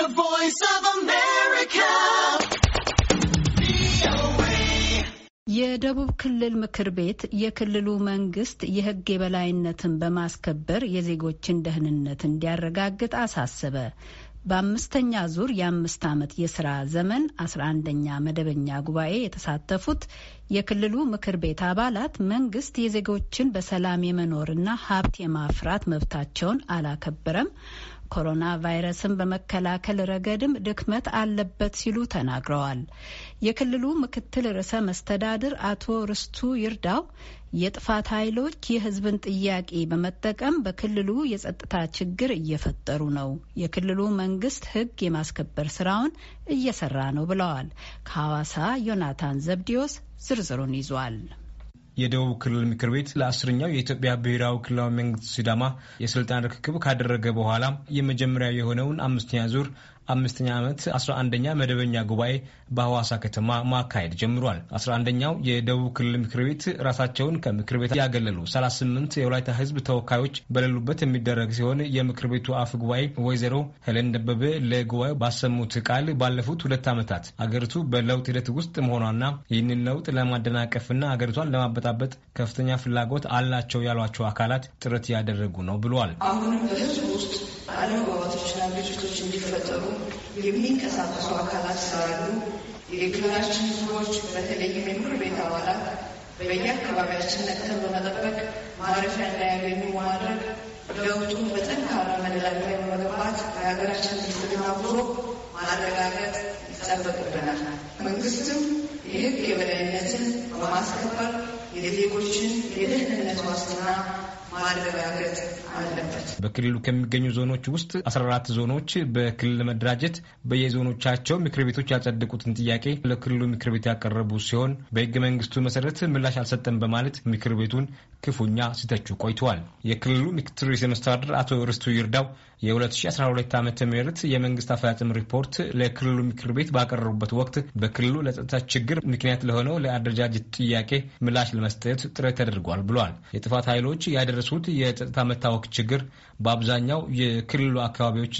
The Voice of America. የደቡብ ክልል ምክር ቤት የክልሉ መንግስት የሕግ የበላይነትን በማስከበር የዜጎችን ደህንነት እንዲያረጋግጥ አሳሰበ። በአምስተኛ ዙር የአምስት ዓመት የስራ ዘመን አስራ አንደኛ መደበኛ ጉባኤ የተሳተፉት የክልሉ ምክር ቤት አባላት መንግስት የዜጎችን በሰላም የመኖርና ሀብት የማፍራት መብታቸውን አላከበረም ኮሮና ቫይረስን በመከላከል ረገድም ድክመት አለበት ሲሉ ተናግረዋል። የክልሉ ምክትል ርዕሰ መስተዳድር አቶ ርስቱ ይርዳው የጥፋት ኃይሎች የሕዝብን ጥያቄ በመጠቀም በክልሉ የጸጥታ ችግር እየፈጠሩ ነው፣ የክልሉ መንግስት ሕግ የማስከበር ስራውን እየሰራ ነው ብለዋል። ከሐዋሳ ዮናታን ዘብዲዮስ ዝርዝሩን ይዟል። የደቡብ ክልል ምክር ቤት ለአስረኛው የኢትዮጵያ ብሔራዊ ክልላዊ መንግስት ሲዳማ የስልጣን ርክክብ ካደረገ በኋላ የመጀመሪያ የሆነውን አምስተኛ ዙር አምስተኛ ዓመት 11ኛ መደበኛ ጉባኤ በሐዋሳ ከተማ ማካሄድ ጀምሯል። 11ኛው የደቡብ ክልል ምክር ቤት ራሳቸውን ከምክር ቤት ያገለሉ 38 የወላይታ ህዝብ ተወካዮች በሌሉበት የሚደረግ ሲሆን የምክር ቤቱ አፍ ጉባኤ ወይዘሮ ሄለን ደበበ ለጉባኤው ባሰሙት ቃል ባለፉት ሁለት ዓመታት አገሪቱ በለውጥ ሂደት ውስጥ መሆኗና ይህንን ለውጥ ለማደናቀፍና አገሪቷን ለማበጣበጥ ከፍተኛ ፍላጎት አላቸው ያሏቸው አካላት ጥረት እያደረጉ ነው ብሏል። አሁንም በህዝብ ውስጥ አለመግባባቶችና ግጭቶች እንዲፈጠሩ የሚንቀሳቀሱ አካላት ስላሉ የክልላችን ሕዝቦች በተለይም የምክር ቤት አባላት በየአካባቢያችን ነቅተን በመጠበቅ ማረፊያ እንዳያገኙ ማድረግ ለውጡን በጠንካራ መደላደል ላይ በመግባት በሀገራችን ብልጽግና ጉዞ ማረጋገጥ ይጠበቅብናል። መንግስትም የህግ የበላይነትን በማስከበር የዜጎችን የደህንነት ዋስትና ማረጋገጥ አለበት። በክልሉ ከሚገኙ ዞኖች ውስጥ አስራ አራት ዞኖች በክልል መደራጀት በየዞኖቻቸው ምክር ቤቶች ያጸደቁትን ጥያቄ ለክልሉ ምክር ቤት ያቀረቡ ሲሆን በህገ መንግስቱ መሰረት ምላሽ አልሰጠም በማለት ምክር ቤቱን ክፉኛ ሲተቹ ቆይተዋል። የክልሉ ምክትል ርዕሰ መስተዳድር አቶ ርስቱ ይርዳው የ2012 ዓ ም የመንግስት አፈጻጸም ሪፖርት ለክልሉ ምክር ቤት ባቀረቡበት ወቅት በክልሉ ለጸጥታ ችግር ምክንያት ለሆነው ለአደረጃጀት ጥያቄ ምላሽ ለመስጠት ጥረት ተደርጓል ብሏል። የጥፋት ኃይሎች ያደረሱ የደረሱት የጸጥታ መታወክ ችግር በአብዛኛው የክልሉ አካባቢዎች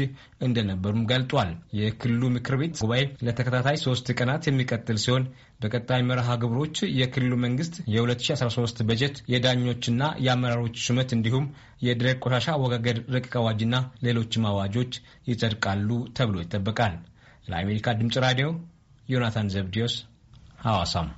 እንደነበሩም ገልጧል። የክልሉ ምክር ቤት ጉባኤ ለተከታታይ ሶስት ቀናት የሚቀጥል ሲሆን በቀጣይ መርሃ ግብሮች የክልሉ መንግስት የ2013 በጀት የዳኞችና የአመራሮች ሹመት እንዲሁም የደረቅ ቆሻሻ አወጋገድ ረቂቅ አዋጅና ሌሎችም አዋጆች ይጸድቃሉ ተብሎ ይጠበቃል። ለአሜሪካ ድምፅ ራዲዮ ዮናታን ዘብዲዮስ ሐዋሳም